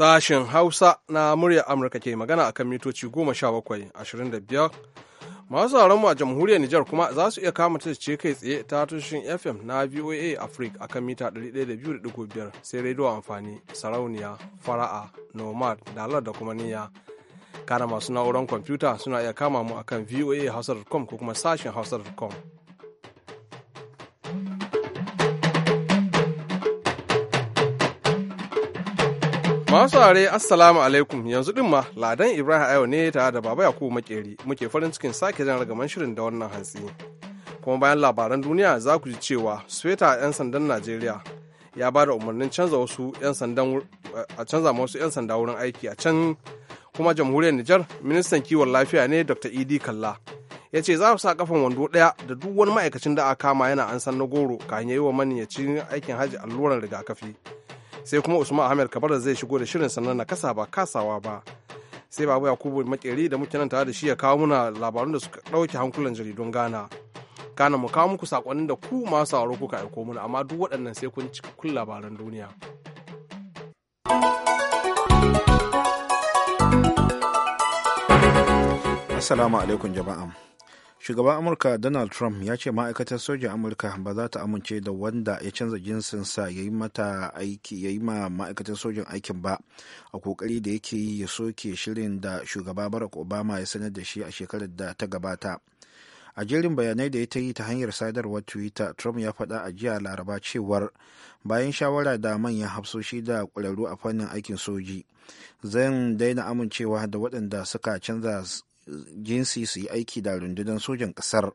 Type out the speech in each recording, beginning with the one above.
Sashen Hausa na muryar Amurka ke magana akan mitoci 17-25. Masu mu a jamhuriyar Nijar kuma za su iya kama ce kai tsaye ta tushen FM na VOA Africa akan mita 102.5 sai rediyo amfani sarauniya, fara'a, nomad, dalar da kuma niyya. Kana masu na'urar kwamfuta suna iya kama mu akan hausa.com ko kuma sashen hausa.com. Masu are assalamu alaikum yanzu din ma ladan Ibrahim Ayo ne tare da Baba Yakubu Makeri muke farin cikin sake jan ragaman shirin da wannan hantsi. Kuma bayan labaran duniya za ku ji cewa Sweta 'yan sandan Najeriya ya ba da umarnin canza wasu 'yan sandan a canza wasu 'yan sanda wurin aiki a can kuma jamhuriyar Nijar ministan kiwon lafiya ne Dr. Idi Kalla ya ce za su sa kafan wando ɗaya da duk wani ma'aikacin da aka kama yana an san na goro ka yi wa maniyacin aikin hajji alluran rigakafi sai kuma usman ahmed kabar zai shigo da shirin sannan na kasa ba kasawa ba sai babu yakubu makeri da muke nan tare da shi ya kawo muna labarun da suka ɗauke hankulan jaridun gana gana mu kawo muku sakonnin da ku masu sauraro kuka aiko muna amma duk waɗannan sai kun cika kun labaran duniya assalamu alaikum jama'a shugaban amurka donald trump ya ce ma'aikatar sojin amurka ba za ta amince da wanda ya canza jinsinsa ya yi mata aiki ya yi ma ma'aikatar sojin aikin ba a kokari da yake yi ya soke shirin da shugaba barack obama ya sanar da shi a shekarar da ta gabata a jerin bayanai da ya ta yi ta hanyar sadarwar twitter trump ya faɗa a jiya laraba cewar bayan shawara da manyan hafsoshi da ƙwararru a fannin aikin soji zan daina amincewa da waɗanda suka canza jinsi su yi aiki da rundunar sojan ƙasar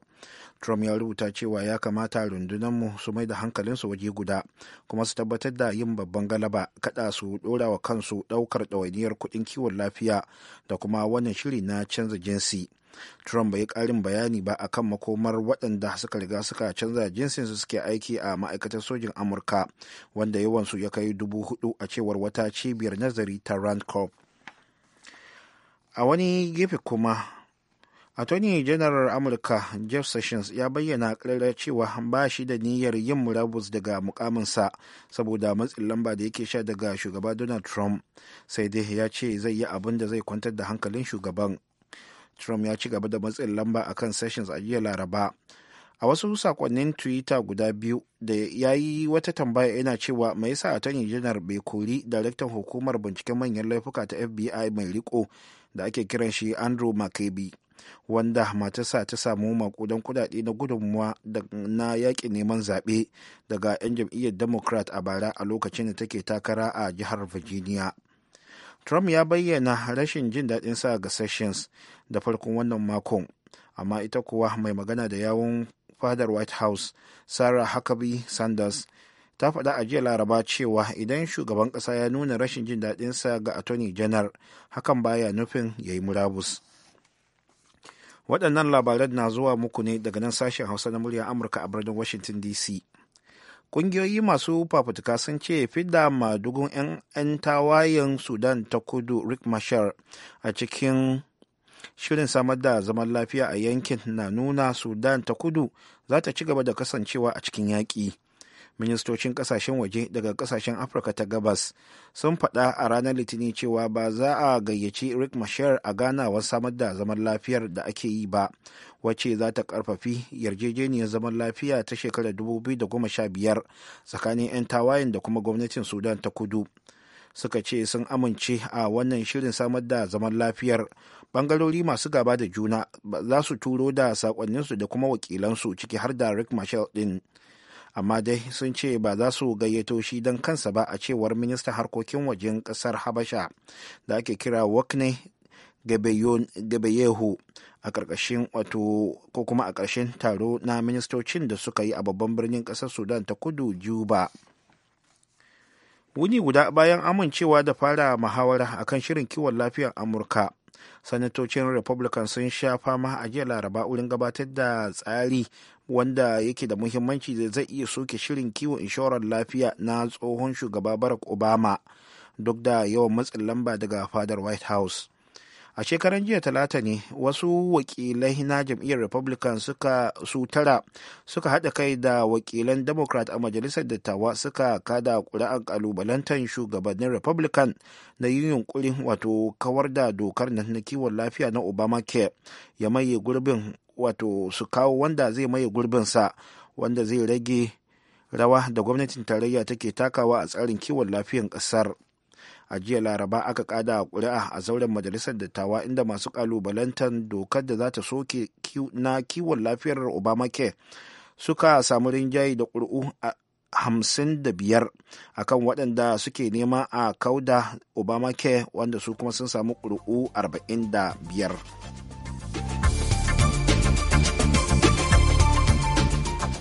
trump ya rubuta cewa ya kamata rundunar mu su mai da hankalinsu waje guda kuma su tabbatar da yin babban galaba kada su ɗora wa kansu daukar ɗawainiyar kuɗin kiwon lafiya da kuma wannan shiri na canza jinsi trump bai yi ƙarin bayani ba akan makomar waɗanda suka riga suka canza jinsin jinsinsu suke aiki a ma'aikatar sojin amurka wanda yawansu ya kai dubu hudu a cewar wata cibiyar nazari ta rand corp a wani gefe kuma attorney general amurka jeff sessions ya bayyana ƙararra cewa ba shi da niyyar yin murabus daga mukaminsa saboda matsin lamba da yake sha daga shugaba donald trump sai dai ya ce zai yi abin da zai kwantar da hankalin shugaban trump ya ci gaba da matsin lamba a kan sessions a jiya laraba a wasu sakonnin twitter guda biyu da ya yi wata tambaya yana cewa mai yasa attorney general bai kori daraktan hukumar binciken manyan laifuka ta fbi mai riko da ake kiran shi andrew makebi wanda matasa ta samu makudan kudade na gudunmuwa na yaƙi neman zaɓe daga 'yan jam'iyyar democrat a bara a lokacin da take takara a jihar virginia trump ya bayyana rashin jin daɗin sa ga sessions da farkon wannan makon amma ita kuwa mai magana da yawon fadar white house sarah huckabee sanders ta faɗa a jiya laraba cewa idan shugaban ƙasa ya nuna rashin jin daɗinsa ga attorney janar hakan baya nufin ya yi murabus waɗannan labaran na zuwa muku ne daga nan sashen hausa na muryar amurka a birnin washington dc ƙungiyoyi masu fafutuka sun ce fidda madugun 'yan tawayen sudan ta kudu rick marshall a cikin shirin samar da zaman lafiya a yankin na nuna sudan ta kudu za ta ci gaba da kasancewa a cikin yaƙi ministocin kasashen waje daga kasashen afirka ta gabas sun faɗa a ranar litinin cewa ba za a gayyaci rick mashar a ganawar samar da zaman lafiyar da ake yi ba wacce za ta karfafi yarjejeniyar zaman lafiya ta shekarar 2015 tsakanin 'yan tawayen da kuma gwamnatin sudan ta kudu suka ce sun amince a wannan shirin samar da zaman lafiyar bangarori masu gaba da juna za su turo da sakonninsu da kuma wakilansu ciki har da rick marshall din amma dai sun ce ba za su gayyato shi don kansa ba a cewar ministan harkokin wajen kasar habasha da ake kira wakne gabayehu a ƙarƙashin wato ko kuma a karshen taro na ministocin da suka yi a babban birnin kasar sudan ta kudu juba wuni guda bayan amincewa da fara muhawara akan shirin kiwon lafiyar amurka sanatocin republican sun sha fama a jiya laraba wurin gabatar da tsari wanda yake da muhimmanci da zai iya soke shirin kiwon inshorar lafiya na tsohon shugaba barack obama duk da yawan matsin lamba daga fadar white house a shekaran jiya talata ne wasu wakilai na jam'iyyar republican suka su tara suka haɗa kai da wakilan democrat a majalisar dattawa suka kada ƙuri'an kalubalantar shugabannin republican na yin yunkurin wato kawar da dokar na kiwon lafiya na obamacare ya maye gurbin wato su kawo wanda zai maye gurbinsa wanda zai rage rawa da gwamnatin tarayya take takawa a tsarin kiwon lafiyan ƙasar. a jiya laraba aka kada kuri'a a zauren majalisar dattawa inda masu kalubalantar dokar da za ta soke na kiwon lafiyar obamacare suka samu rinjaye da kuri'u hamsin da biyar a kan waɗanda suke nema a kauda obamacare wanda su kuma sun samu kuri'u arba'in da biyar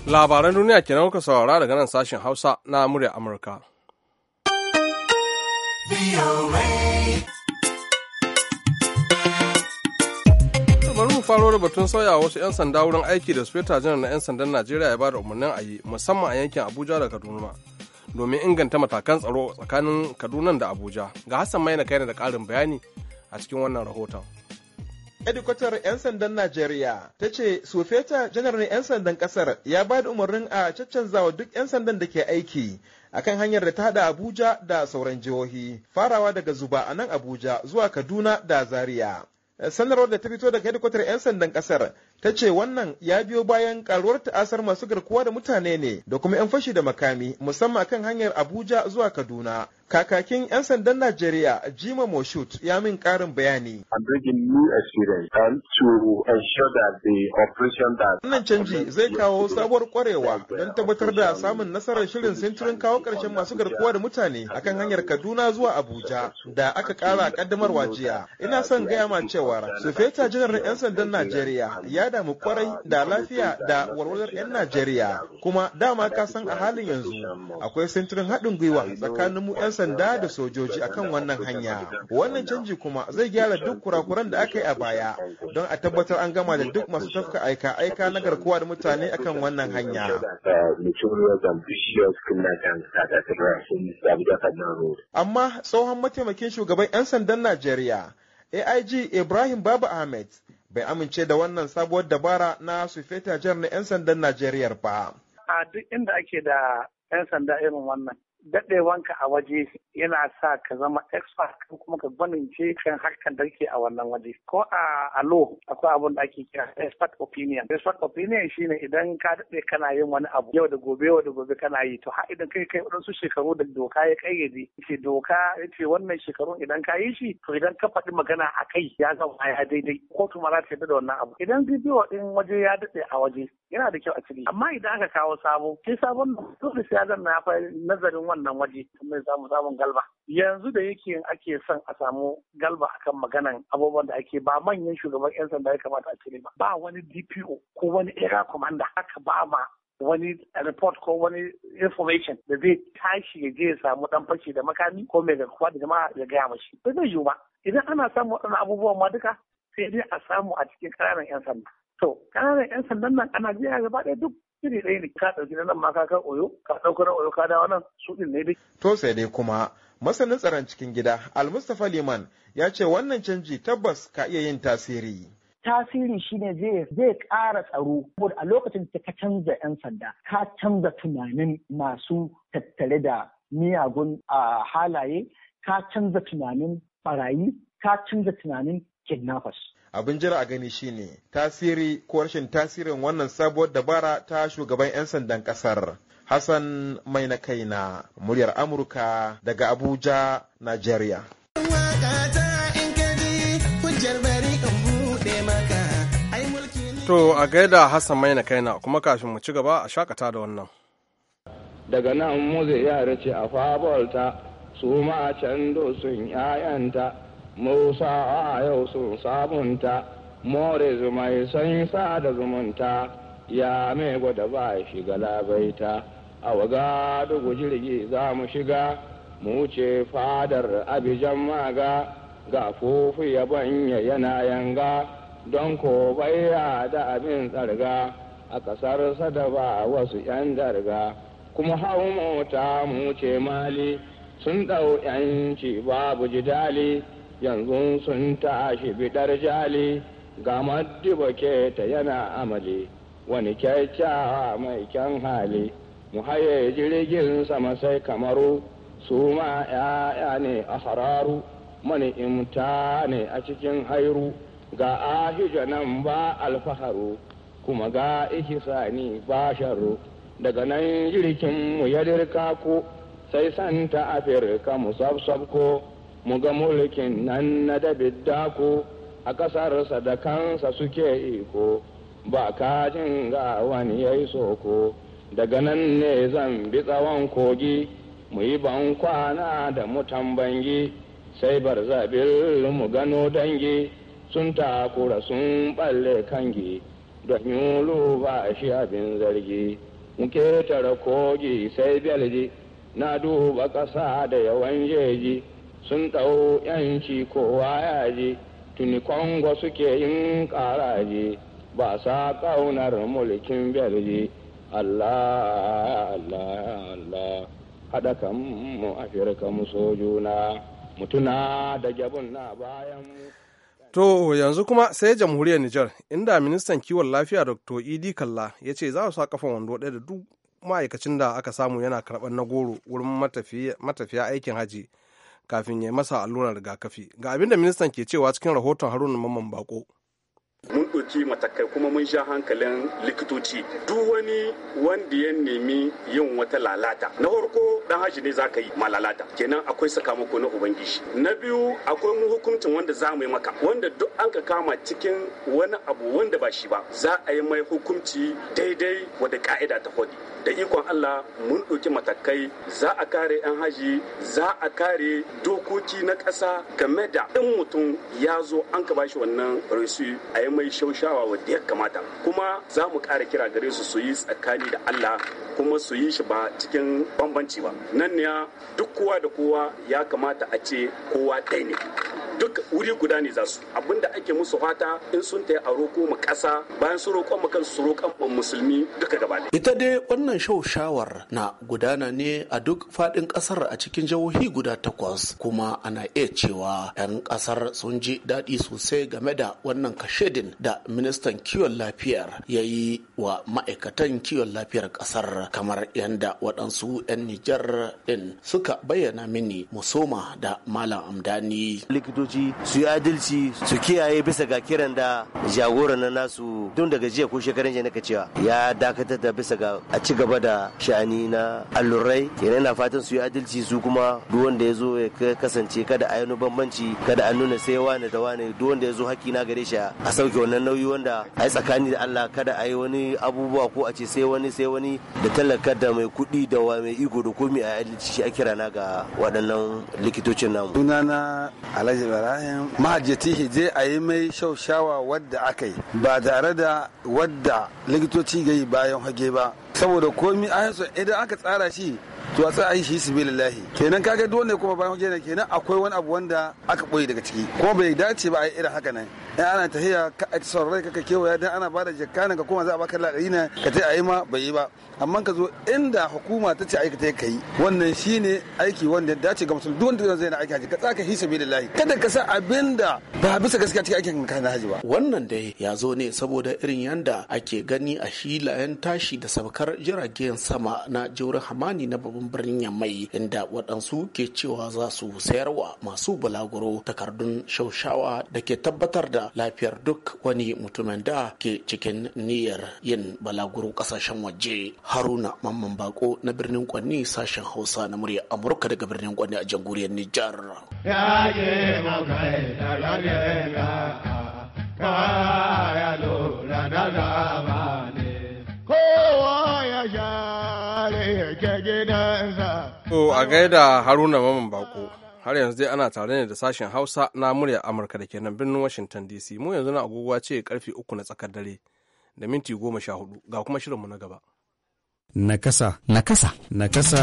labaran duniya kenan kuka saurara daga nan sashen hausa na murya amurka bari mu faro da batun sauya wasu 'yan sanda wurin aiki da sufeta janar na 'yan sandan najeriya ya ba da umarnin a yi musamman a yankin abuja da kaduna domin inganta matakan tsaro tsakanin kaduna da abuja ga hassan maina kai da karin bayani a cikin wannan rahoton edikwatar 'yan sandan Najeriya ta ce Sufeta janar na 'yan sandan kasar ya ba da umarnin a caccanzawa duk 'yan sandan da ke aiki akan hanyar da ta hada Abuja da sauran jihohi farawa daga Zuba a nan Abuja zuwa Kaduna da Zaria. sanarwar da ta fito daga hedikwatar 'yan sandan kasar ta ce wannan ya biyo bayan karuwar ta'asar masu garkuwa da mutane ne da kuma 'yan fashi da makami musamman kan hanyar abuja zuwa kaduna kakakin 'yan sandan najeriya jima moshut ya min karin bayani wannan canji zai kawo sabuwar kwarewa don tabbatar da samun nasarar shirin sintirin kawo ƙarshen masu garkuwa da mutane akan hanyar kaduna zuwa abuja da aka kara ƙaddamarwa jiya ina son gaya ma cewar sufeta janar 'yan sandan najeriya ya ya mu kwarai ah, da lafiya da walwalar 'yan Najeriya kuma dama ka san a halin yanzu akwai sintirin haɗin gwiwa tsakanin mu 'yan sanda da sojoji akan wannan hanya. Wannan canji kuma zai gyara duk kurakuran da aka yi a baya don a tabbatar an gama da duk masu tafka aika aika na garkuwa da mutane akan wannan hanya. Amma tsohon mataimakin shugaban 'yan sandan Najeriya AIG Ibrahim Baba Ahmed bai amince da wannan sabuwar dabara na sufeta jar na 'yan sandan Najeriya ba. A duk inda ake da 'yan sanda irin wannan daɗewanka a waje yana sa ka zama expert ko kuma ka gwanince kan harkar da kake a wannan waje ko a alo akwai abin da ake kira expert opinion expert opinion shine idan ka daɗe kana yin wani abu yau da gobe yau da gobe kana yi to har idan kai kai wadansu shekaru da doka ya kayyade ce doka ya wannan shekarun idan ka yi shi to idan ka faɗi magana a kai ya zama ya daidai kotu ma za ta yi da wannan abu idan bidiyo ɗin waje ya daɗe a waje yana da kyau a ciki amma idan aka kawo sabo sai sabon dole sai ya zanna ya nazarin wannan waje mai samu samun galba yanzu da yake ake son a samu galba akan maganan abubuwan da ake ba manyan shugaban yan sanda ya kamata a cire ba ba wani DPO ko wani era commander aka ba ma wani report ko wani information da zai tashi ya je ya samu dan fashi da makami ko mai garkuwa da jama'a ya gaya mashi ba zai yiwu ba idan ana samun waɗannan abubuwan ma duka sai dai a samu a cikin ƙananan 'yan sanda. To, ƙananan 'yan sandan nan ana Najeriya gaba ɗaya duk iri ɗaya ne ka ɗauki nan ma ka oyo ka ɗauka nan oyo ka dawo nan su ɗin ne dai. to sai dai kuma masanin tsaron cikin gida almustapha liman ya ce wannan canji tabbas ka iya yin tasiri. Tasiri shine zai zai ƙara tsaro saboda a lokacin da ka canza 'yan sanda ka canza tunanin masu tattare da miyagun ah, halaye ka canza tunanin barayi ka canza tunanin nafas. Abin jira a gani shine tasiri ko rashin tasirin wannan sabuwar dabara ta shugaban 'yan sandan kasar. Hassan mai na kaina muryar Amurka daga Abuja, Najeriya. To a gaida Hassan mai na kaina kuma kafin mu ci gaba a shakata da wannan. Daga nan mu zai yara ce a fabolta su ma can sun 'ya'yanta musa a yau sun sabunta more zumai sun sa da zumunta ya mai gwada ba shiga labaita a waga dugu jirgi za mu shiga mu ce fadar abijan maga ga fufu ya banya yana yanga don ko baya da abin tsarga a da ba wasu 'yan darga kuma hau mota mu ce mali sun ɗau 'yanci babu jidali yanzu sun tashi bidar jali ga maddiba ta yana amali wani kyakkyawa mai kyan hali mu haye jirgin sama sai kamaru su ma ‘ya'ya ne a hararu mani imta ne a cikin hairu ga ahija nan ba alfaharu kuma ga ihisani ba sharu daga nan jirgin mu ya dirka ko sai santa afirka mu sabsabko mu ga mulkin nan na ku a ƙasarsa da kansa suke iko ba jin ga wani ya yi soko daga nan ne zan bi tsawon kogi mu yi ban da mutan bangi sai zabil mu gano dangi sun takura sun balle kangi don yulu ba shi abin zargi mu tara kogi sai belji na duba ƙasa da yawan jeji sun ɗau yanci kowa ya je tuni kongo suke yin ƙaraje ba sa ƙaunar mulkin belji allah allah allah haɗa kan mu afirka muso juna, mutuna da jabun na bayan To yanzu kuma sai jamhuriyar Nijar inda ministan kiwon lafiya Dr. Idi Kalla ya ce za su sa kafan wando ɗaya da duk ma'aikacin da aka samu yana karɓar na goro wurin matafiya aikin haji. kafin ya yi masa allurar rigakafi ga abin da ministan ke cewa cikin rahoton haruna mamman bako ɗauki matakai kuma mun sha hankalin likitoci duk wani wanda ya nemi yin wata lalata na farko dan haji ne zaka yi ma lalata kenan akwai sakamako na ubangiji na biyu akwai mu hukuncin wanda za mu yi maka wanda duk an ka kama cikin wani abu wanda ba shi ba za a yi mai hukunci daidai wadda ka'ida ta hodi da ikon Allah mun ɗauki matakai za a kare 'yan haji za a kare dokoki na ƙasa game da in mutum ya zo an ka bashi wannan rasu a yi mai shau shawa wadda ya kamata kuma za mu ƙara kira gare su su yi tsakani da Allah kuma su yi shi ba cikin bambanci ba nan ne duk kowa da kowa ya kamata a ce kowa ɗaya ne duk wuri guda ne za su abinda ake musu fata in sun ta a roƙo mu ƙasa bayan su roƙon mu kansu su roƙon mu musulmi duka gaba ita dai wannan shawar na gudana ne a duk faɗin ƙasar a cikin jihohi guda takwas kuma ana iya cewa 'yan ƙasar sun ji daɗi sosai game da wannan kashedin da ministan kiwon lafiyar ya yi wa ma'aikatan kiwon lafiyar kasar kamar yadda waɗansu 'yan nijar ɗin suka bayyana mini musoma da malam amdani likitoci su yi adalci su kiyaye bisa ga kiran da jagoran na nasu tun daga jiya ko shekaran jiya ka cewa ya dakatar da bisa ga a ci gaba da sha'ani na allurai kenan na fatan su yi adalci su kuma duk wanda ya zo ya kasance kada a yi bambanci kada a nuna sai wane da wane duk wanda ya zo haƙƙi na gare shi a sauke wannan nauyi wanda a yi tsakani da Allah kada a yi wani abubuwa ko a ce sai wani sai wani da talaka da mai kuɗi da wa mai iko da komi a shi a kira na ga waɗannan likitocin namu. na Alhaji Ibrahim mahajjati hije a yi mai shaushawa wadda aka yi ba tare da wadda likitoci ga yi bayan hage ba saboda komi a idan aka tsara shi to a tsaye shi su lillahi kenan kaga dole kuma bayan hage kenan akwai wani abu wanda aka ɓoye daga ciki kuma bai dace ba a yi irin haka nan in ana tahiya ka rai ka kewaya dan ana bada jakka ne ka koma za a baka ladari ne ka ta yi ma bai yi ba amma ka zo inda hukuma ta ce aikata ka yi wannan shine aiki wanda ya dace ga musulmi duk wanda zai na aiki haji ka tsaka hisa bi lillahi kada ka sa abinda ba bisa gaskiya cikin aikin ka haji ba wannan dai ya zo ne saboda irin yanda ake gani a layan tashi da sabkar jiragen sama na jaurin hamani na babban birnin yammai inda waɗansu ke cewa za su sayarwa masu bulaguro takardun shaushawa da ke tabbatar da lafiyar duk wani mutumin da ke cikin niyyar yin balaguro kasashen waje haruna mamman bako na birnin kwanni sashen hausa na murya amurka daga birnin kwanni a jamhuriyar nijar kowa ya gidansa. To a gaida haruna mamman bako. har yanzu dai ana tare ne da sashen Hausa na muryar Amurka da ke nan birnin Washington DC. Mu yanzu na agogowa ce karfe uku na tsakar dare da minti goma sha hudu ga kuma shirinmu na gaba. Nakasa. Nakasa. Nakasa.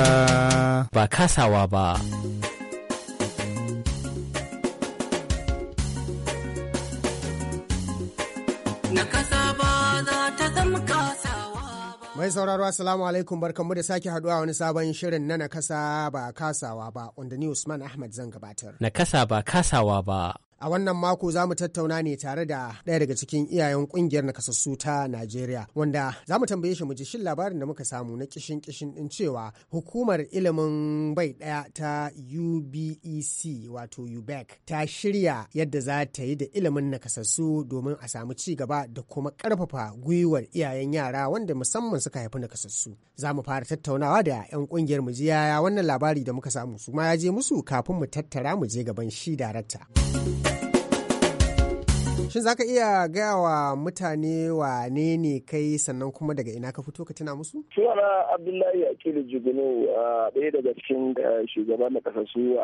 Ba kasawa ba. Nakasa. Mai sauraro Assalamu alaikum barkanmu da sake haduwa wani sabon shirin na nakasa ba kasawa ba wanda ni Usman Ahmad zan gabatar. Nakasa ba kasawa ba. A wannan mako za mu tattauna ne tare da ɗaya daga cikin iyayen ƙungiyar nakasassu ta Najeriya wanda za mu tambaye shi mu ji shin labarin da muka samu na kishin kishin ɗin cewa hukumar ilimin bai ɗaya ta UBEC wato UBEC ta shirya yadda za ta yi da ilimin nakasassu domin a samu ci gaba da kuma ƙarfafa gwiwar iyayen yara wanda musamman suka haifi nakasassu. Za mu fara tattaunawa da 'yan ƙungiyar mu ji yaya wannan labari da muka samu su ma ya je musu kafin mu tattara mu je gaban shi darakta. Shin ka iya gaya wa mutane wane ne kai sannan kuma daga ina ka fito ka tuna musu? Suna Abdullahi Akilu Jigino ɗaya daga cikin shugaban na kasassu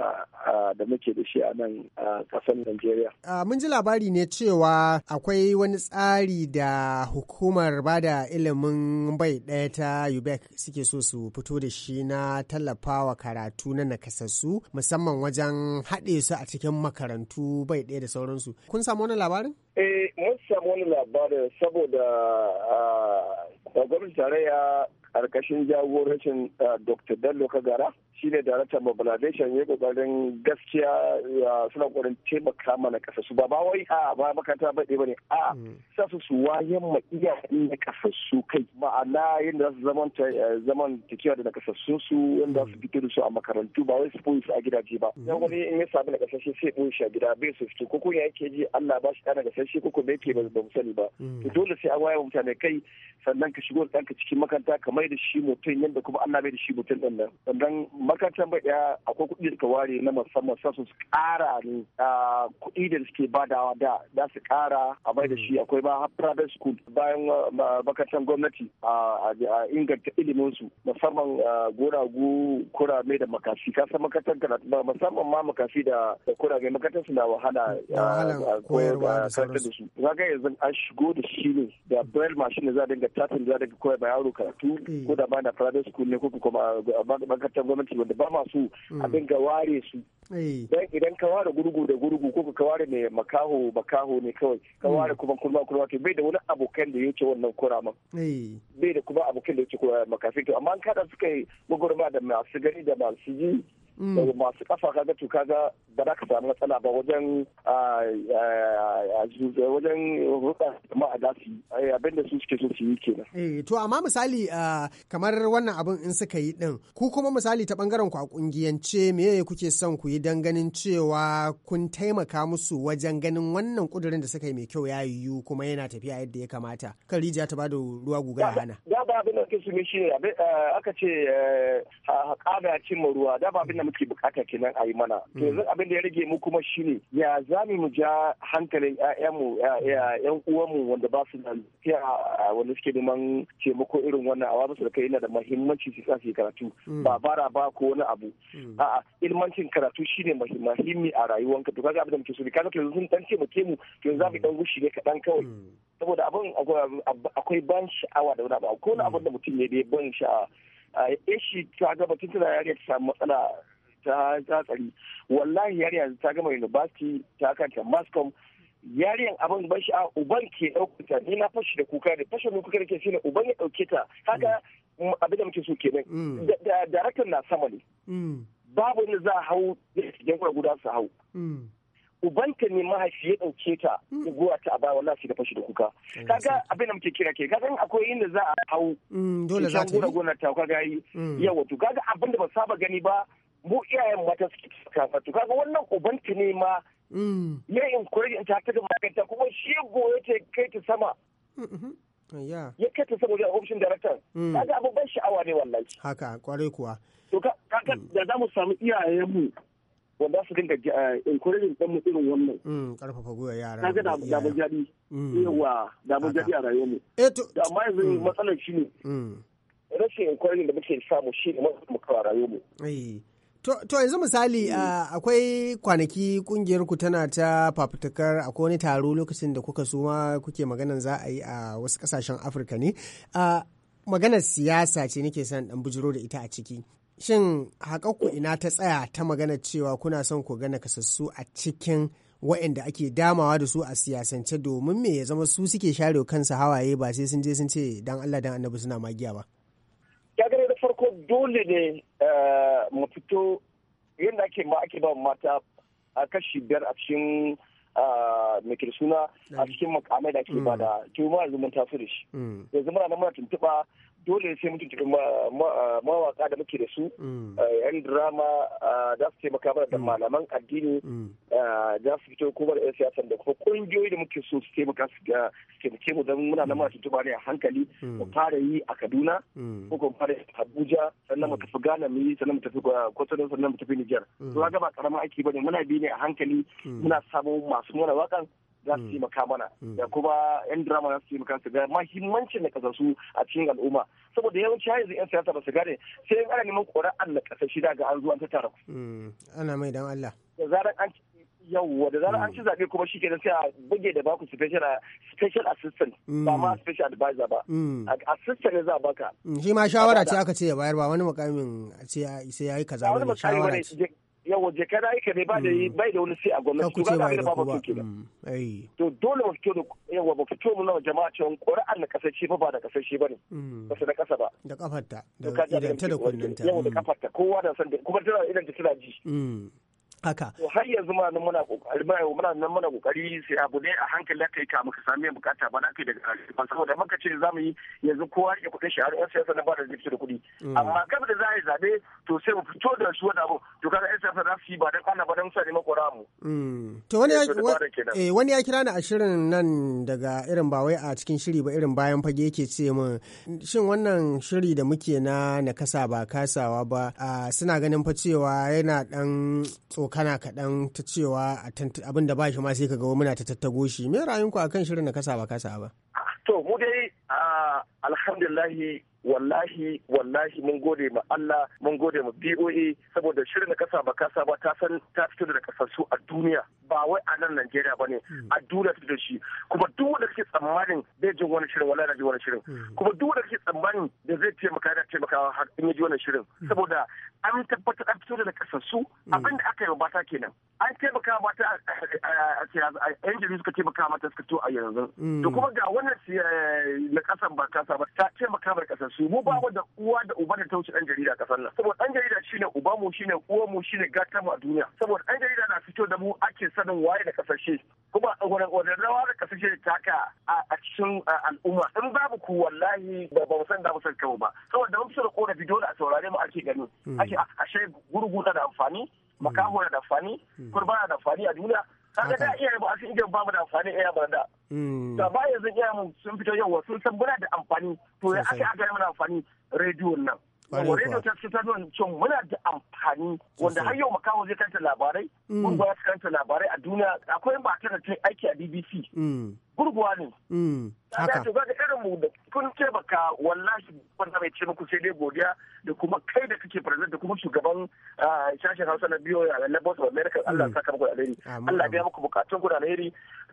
da muke da shi a nan ƙasar Najeriya. Mun ji labari ne cewa akwai wani tsari da hukumar bada ilimin bai ɗaya ta UBEC suke so su fito da shi na tallafawa karatu na nakasassu musamman wajen haɗe su a cikin makarantu bai ɗaya da sauransu. Kun samu wani labarin? Eh, mun samu wani labarin saboda ah, gwamnatin tarayya karkashin jagorancin Dr. Ah, dallo Kagara shine darakta mobilization ya kokarin gaskiya suna kokarin taimaka mana kasa su ba ba wai a ba makaranta ba ne a mm. sa su su wayan ma iyayen na kasa su kai ma'ana yadda za su zaman eh, zaman tikiya da na kasa su su yadda su fito da su a makarantu ba wai su ko su a gidaje ba mm. dan wani in ya sami na kasashe sai ko shi a gida bai su fito ko ya yake ji Allah ba shi kana kasashe ko ko bai ke ba mu sani ba mm. to dole sai a waya mutane kai sannan ka shigo da ɗanka cikin makaranta ka mai da shi mutum yadda kuma Allah bai da shi mutum ɗin nan sannan makarantar ɗaya akwai kuɗi da ware na musamman sa su ƙara ne ah, kuɗi da suke badawa da za su ƙara a mai da shi mm. akwai ba private school bayan ah, makarantar gwamnati ah, a inganta ilimin su musamman goragu kurame da makasi ka san makarantar karatu ba musamman ma makasi da kurame makarantar su na wahala koyarwa da su kaga yanzu an shigo da shi ne da braille machine za a dinga tatin za a dinga koyar ba yaro karatu eh. ko da ba na private school ne ko kuma makarantar gwamnati misali wanda ba masu abin mm. ga ware su eh. dan idan ka ware gurgu da gurgu ko ka ware mai makaho makaho ne kawai ka mm. ware kuma kurma kurma to bai da wani abokan da yake wannan kurama eh. bai da kuma abokan da yake eh, makafi to amma an kada suka yi gurgurma da masu gani da masu ji Mm. masu kafa kaga to kaga ba za ka samu matsala ba wajen wajen hulɗa jama'a da su abin da su suke so su yi kenan. Eh to amma misali kamar wannan abin in suka yi din ku kuma misali ta bangaren ku a kungiyance me kuke son ku yi dan ganin cewa kun taimaka musu wajen ganin wannan kudurin da suka yi mai kyau ya yiwu kuma yana tafiya yadda ya kamata. Kan rijiya ta bada ruwa guga hana. Da ba abin da kake su ne shi aka ce eh, haƙa da cimma ruwa da ba abin da muke bukata kenan a yi mana to mm. yanzu abin da ya rage mu kuma shine ya za mu ja hankalin ƴaƴanmu ƴan uwanmu wanda ba su da lafiya wanda suke neman taimako irin wannan awa musu da kai yana da mahimmanci su su karatu mm. ba bara ba ko wani abu mm. a'a ilmancin karatu shine mahimmi a rayuwanka to kaga abin da muke so ne kaga to yanzu sun dan taimake mu to yanzu za mu dan gushi ne kaɗan kawai saboda abin akwai ban sha'awa da wani abu ko wani abin da mutum ne da ya ban sha'awa a yashi eh, ta gaba tun tana yare ta samu matsala ta tsari wallahi yari yanzu ta gama university ta kanta mascom yariyan abin ban sha'a uban ke ɗaukar ta ni na fashi da kuka ne fashin da kuka da ke shi ne uban ya ɗauke ta haka mm. mm, abin da muke so kenan mm. da daraktan na sama ne babu ne za a hau da guda su hau uban ta ne mahaifi ya ɗauke ta guguwa ta a baya wallahi da fashi da kuka kaga abin da muke kira ke kaga akwai inda za a hau dole za ta gona ta kaga yi yawa to kaga abin da ba saba gani ba mu iyayen mata suke fuskanta to kaga wannan ubanta ne ma mm. ya encourage in ta da makaranta kuma shi goye ta kai ta sama mm-hmm. oh, ya kai ta sama wajen option director mm. kaga abu ban sha'awa ne wallahi haka kware kuwa to kaga mm. da za mu samu iyayen mu wanda su dinga eh, encouraging dan mu irin wannan karfafa gwiwa yara kaga da da mun jadi yawa da mun jadi a rayuwar mu eh to amma yanzu matsalar shine rashin encouraging da muke samu shi ne mu kawo rayuwar mu eh. To yanzu misali mm. ah, akwai kwanaki kungiyar ku tana ta fafutukar akwai wani taro lokacin da kuka suma kuke maganan za a yi a wasu kasashen Afirka ne. Ah, maganar siyasa ce nake son dan bujiro da ita a ciki. Shin haƙaƙku ina ta tsaya ta magana cewa kuna son ku gana kasassu a cikin waɗanda ake damawa da su a siyasance domin me ya zama su suke share kansu hawaye ba sai sun je sun ce dan Allah dan Annabi suna magiya ba. farko dole ne eh, mu fito yadda ake ma ake ba mata a kashi biyar a cikin eh, mai suna a mm. cikin makamai da ake ba da kuma mm. zumunta firish da shi mm. yanzu muna nan muna tuntuɓa dole sai mutunta mawaka da muke da su mm. eh, yan drama eh, za su taimaka mana da mm. malaman addini mm. eh, za su fito kuma da 'yan siyasan da kuma kungiyoyi da muke so su taimaka su taimake mu don muna nan su tuba ne a hankali mu fara yi a kaduna ko kuma fara yi a abuja sannan mu tafi ghana mu yi sannan mu tafi kwatano sannan mu tafi niger to ga ba karamin aiki ne muna bi ne a hankali muna samun masu nuna wakan za su mm. taimaka mana da mm. kuma yan drama za su taimaka su ga mahimmancin na kasasu a cikin al'umma saboda yawanci yanzu yan siyasa ba su gane sai ina neman na Allah shida daga an zuwa ta tara mm. ana mai dan Allah da zarar an yawwa da zarar an ci zaɓe kuma shi kenan sai a buge da baku special special assistant ba ma special advisor ba assistant ne za a baka shi ma shawara ce aka ce ya bayar ba wani mukamin sai ya yi kaza wani shawara ce yawa jeka da aika ne ba da mm. bai da wani sai a gwamnati to ga da babu tuki ba mm, to dole mu fito da yawa ba fito mu na jama'a cewa Qur'an na kasar fa ba da kasashe bane mm. ba su da kasa ba da kafarta da idanta da kunnanta yawa da kafarta kowa da san kuma tana idan ta tana ji haka to har yanzu ma nan muna kokari ma muna nan muna kokari sai abu ne a hankali kai ka muka sami bukata ba na kai daga ba saboda muka ce za mu yi yanzu kowa ya kudin shi har yan siyasa na ba da jiki da kudi mm. amma kafa da zai a zabe to sai mu fito da shi wani abu to kaga yan siyasa za su yi ba dan ana ba dan sa mu kora mm. mu to wani ya eh wani ya kira ni a shirin nan daga irin ba wai a cikin shiri ba irin bayan fage yake ce min shin wannan shiri da muke na na kasa ba kasawa ba suna ganin fa cewa yana dan kana kaɗan ta cewa abin da ba shi ma sai ka ga muna ta tattago shi me ra'ayinku akan shirin na kasa ba kasa ba to mu dai ah, alhamdulillahi wallahi wallahi mun gode ma Allah mun gode ma BOA saboda shirin kasa ba kasa ba ta san ta fito da su a duniya ba wai a nan Najeriya bane hmm. a duniya fito da shi kuma duk wanda kake tsammanin zai ji wani shirin wallahi zai ji wani shirin hmm. kuma duk wanda kake tsammanin da zai taimaka da taimakawa har in ji wani shirin hmm. saboda an tabbatar an fito da kasassu abinda aka yi ba ta kenan an taimaka mata a yan jiri suka taimaka mata suka to a yanzu to kuma ga wannan eh, na kasan ba kasa ba ta taimaka ba kasa su mu ba mu da uwa da uba da tausi dan jarida a kasar nan saboda dan jarida shine uba mu shine uwa mu shine gata mu a duniya saboda dan jarida na fito da mu ake sanin waye da kasashe kuma wani rawa da kasashe taka a cikin al'umma in babu ku wallahi ba ba san da musan kawo ba saboda mun fi da korafi dole a saurare mu ake gani hmm. ake ashe gurgu na da amfani makaho na da amfani hmm. kurbana da amfani a duniya kaga da iyaye ba su inda ba mu da amfani iyaye eh, ba hmm. da da ba yanzu iyaye sun fito yau sun san muna da amfani to ya aka aka yi mana amfani rediyo nan rediyo ta fitar da cewa muna da amfani wanda har yau makawo zai kanta labarai hmm. gurguwa su kanta labarai a duniya akwai ba ta da aiki a bbc hmm. gurguwa ne haka to ga irin mu da kun taimaka wallahi wanda mai ce muku sai dai godiya da kuma kai da kake president da kuma shugaban ah, shashin Hausa na biyo a na Boss of America Allah mm. kama muku alheri Allah biya muku bukatun ku alheri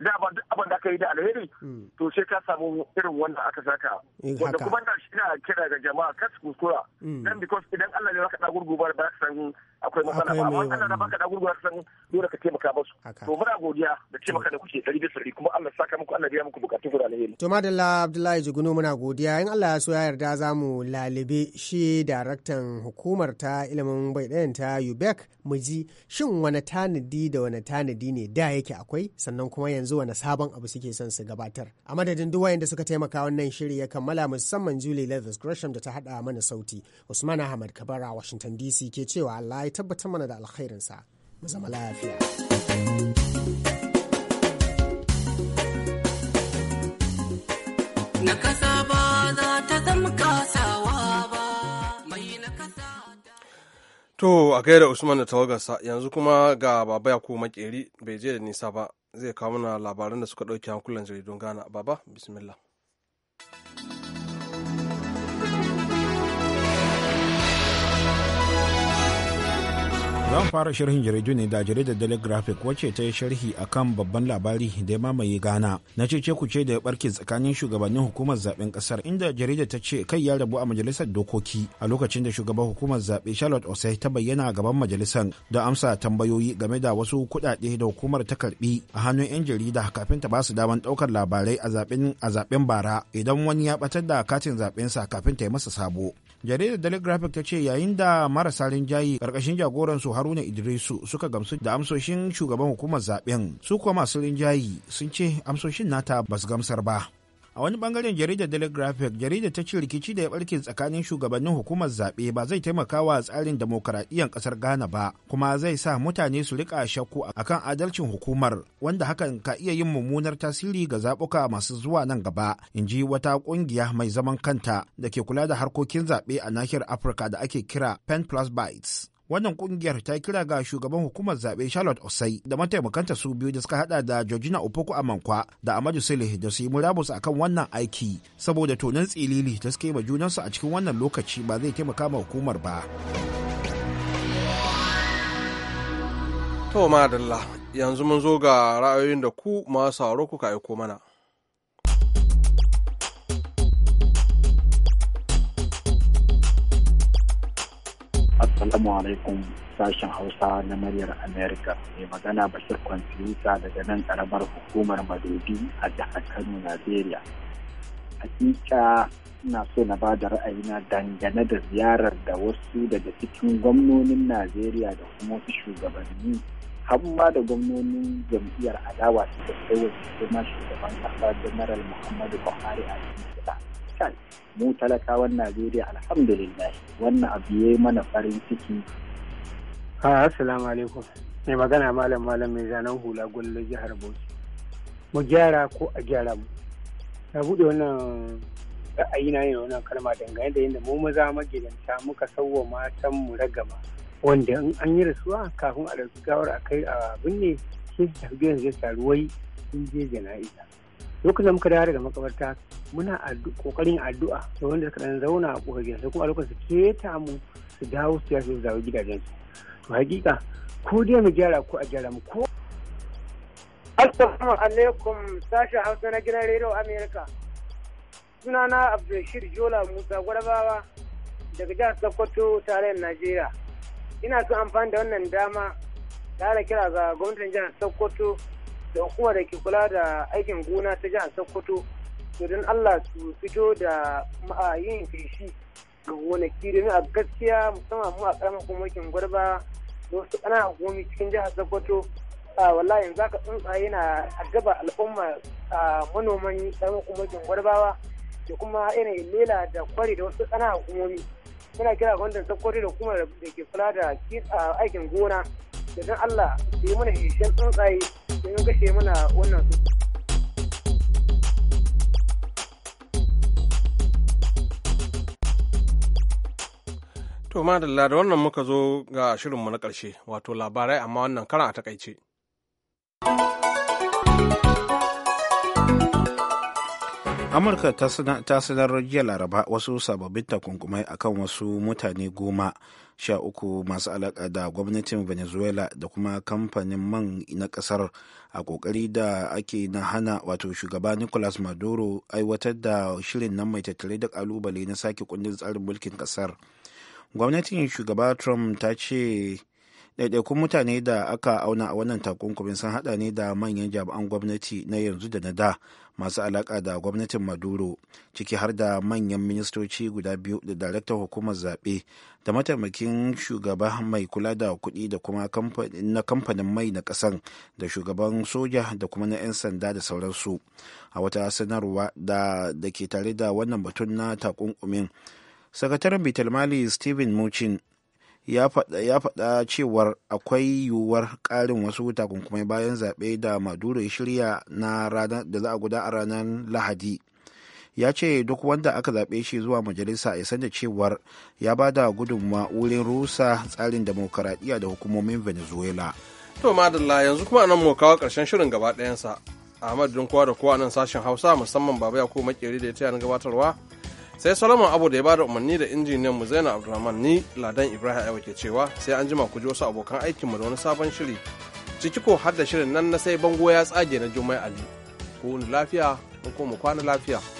da ba duk abin da aka yi da alheri mm. to sai ka samu irin wanda aka saka eh, wanda kuma na shi na kira ga jama'a kas kuskura mm. dan because idan Allah ne baka da gurgubar ba ka san akwai matsala ba amma Allah da baka da gurgubar san dole ka taimaka musu to muna godiya da taimaka da kuke dari bisa kuma Allah saka muku Allah biya muku bukatun da alheri to madalla Abdullahi Jigunu muna godiya in Allah ya so ya yarda za mu lalibe shi daraktan hukumar ta ilimin bai ɗayan ta ubek mu ji shin wani tanadi da wani tanadi ne da yake akwai sannan kuma yanzu wani sabon abu suke son su gabatar a madadin duk wayanda suka taimaka wannan shiri ya kammala musamman Julie Levis Gresham da ta hada mana sauti Usman Ahmad Kabara Washington DC ke cewa Allah ya tabbatar mana da alkhairinsa mu zama lafiya. Na kasa ba za ta To a gaida Usman da tawagarsa yanzu kuma ga Baba Ya kuma Makeri bai je da nisa ba zai kawo mana labaran da suka ɗauki hankulan jaridun Ghana. Baba, bismillah. zan fara sharhin jaridu ne da jaridar daily graphic wacce ta yi sharhi kan babban labari da ya mamaye ghana na ce ce ku ce da ya barke tsakanin shugabannin hukumar zaben kasar inda jaridar ta ce kai ya rabu a majalisar dokoki a lokacin da shugaban hukumar zaɓe charlotte osei ta bayyana a gaban majalisar don amsa tambayoyi game da wasu kuɗaɗe da hukumar ta karbi a hannun 'yan jarida kafin ta basu daman ɗaukar labarai a zaɓen a zaɓen bara idan wani ya batar da katin zaɓensa kafin ta yi masa sabo jaridar daily graphic ta ce yayin da marasa rinjaye ƙarƙashin jagoransu haruna idrisu suka gamsu da amsoshin shugaban hukumar zaben su kuwa masu rinjayi sun ce amsoshin nata ba su gamsar ba a wani bangaren jaridar telegraphic jaridar ta ce rikici da ya barke tsakanin shugabannin hukumar zaɓe ba zai taimaka wa tsarin demokaradiyyar ƙasar ghana ba kuma zai sa mutane su rika shakku a kan adalcin hukumar wanda hakan ka iya yin mummunar tasiri ga zaɓuka masu zuwa nan gaba in ji wata ƙungiya mai zaman kanta da ke kula da harkokin zaɓe a nahiyar afirka da ake kira pen plus bites wannan kungiyar ta kira ga shugaban hukumar zaɓe charlotte osai da mataimakanta su biyu da suka hada da georgina opoku amankwa da amadu sule da su yi murabus kan wannan aiki saboda tonan tsilili ta yi ma junansu a cikin wannan lokaci ba zai taimaka ma hukumar ba to madalla yanzu mun zo ga ra'ayoyin da ku masu sauro kuka aiko mana Assalamu alaikum sashen Hausa na maryar Amerika mai magana Bashir Kwamfuta daga nan karamar hukumar Madobi a jihar Kano, Najeriya. Hakika na so na ba da ra'ayina dangane da ziyarar da wasu daga cikin gwamnonin Najeriya da kuma wasu shugabanni hamma da gwamnonin jam'iyyar adawa suka kai wa shugaban kasa General Muhammadu Buhari a Pakistan. mu talakawan najeriya alhamdulillah wannan abu ya yi mana farin ciki assalamu alaikum mai magana malam malam mai zanen hula gwallo jihar bauchi mu gyara ko a gyara mu na buɗe wannan ra'ayi na yin wannan kalma dangane da yadda mu maza magidanta muka sauwa matan mu ragama wanda in an yi rasuwa kafin a ɗauki gawar a kai a binne sai ta biyan zai taru sun je jana'iza lokacin da muka dawo daga makabarta muna kokarin addu'a da wanda suka dan zauna a kofar kuma a lokacin keta mu su dawo su yafi su gidajen gidajensu to hakika ko dai mu gyara ko a gyara mu ko Assalamu alaikum sashen Hausa na gidan Radio America. Sunana Abdulshir Jola Musa Gwarabawa daga jihar Sokoto tarayyar Najeriya. Ina so amfani da wannan dama da kira ga gwamnatin jihar Sokoto da hukumar da ke kula da aikin gona ta jihar sokoto to don allah su fito da yin feshi ga gonaki domin a gaskiya musamman mu a karamar hukumokin gwarba da wasu kana hukumomi cikin jihar sokoto wallahi yanzu aka tsuntsaye yana addaba al'umma a manoman karamar hukumokin gwarbawa da kuma yanayin lela da kwari da wasu kana hukumomi muna kira gwamnatin sokoto da kuma da ke kula da aikin gona da dan Allah da yi mana hishen tsuntsaye da yi gashe mana wannan su. To madalla da wannan muka zo ga shirinmu na ƙarshe wato labarai amma wannan karan a takaice. amurka ta sanar jiya laraba wasu sababbin takunkumai akan wasu mutane goma sha uku masu alaƙa da gwamnatin venezuela da kuma kamfanin man na ƙasar a ƙoƙari da ake na hana wato shugaba nicolas maduro aiwatar da shirin nan mai tattare da ƙalubale na sake kundin tsarin mulkin ƙasar gwamnatin shugaba trump ta ce ɗaiɗaikun mutane da aka auna a wannan takunkumin sun haɗa ne da manyan jami'an gwamnati na yanzu da na da masu alaƙa da gwamnatin maduro ciki har da manyan ministoci guda biyu da daraktan hukumar zaɓe da mataimakin shugaba mai kula da kuɗi da kuma na kamfanin mai na ƙasan da shugaban soja da kuma na 'yan sanda da sauransu a wata sanarwa da ke tare da wannan batun na takunkumin sakataren bitalmali steven mucin ya faɗa cewar akwai yiwuwar ƙarin wasu takunkumai bayan zaɓe da maduro ya shirya na ranar da za a guda a ranar lahadi ya ce duk wanda aka zaɓe shi zuwa majalisa ya sanda cewar ya ba da gudunma wurin rusa tsarin demokaradiyya da hukumomin venezuela to madalla yanzu kuma nan mu kawo ƙarshen shirin gaba ɗayansa ahmad dinkowa da kowa nan sashen hausa musamman baba yakubu makeri da ya taya na gabatarwa sai solomon abu da ya bada umarni da injiniyan mu zainab abdulrahman ni ladan ibrahim aiwa ke cewa sai an jima ku ji wasu abokan aikinmu da wani sabon shiri ciki ko har da shirin nan na sai bango ya tsage na jummai ali ku lafiya ko mu kwana lafiya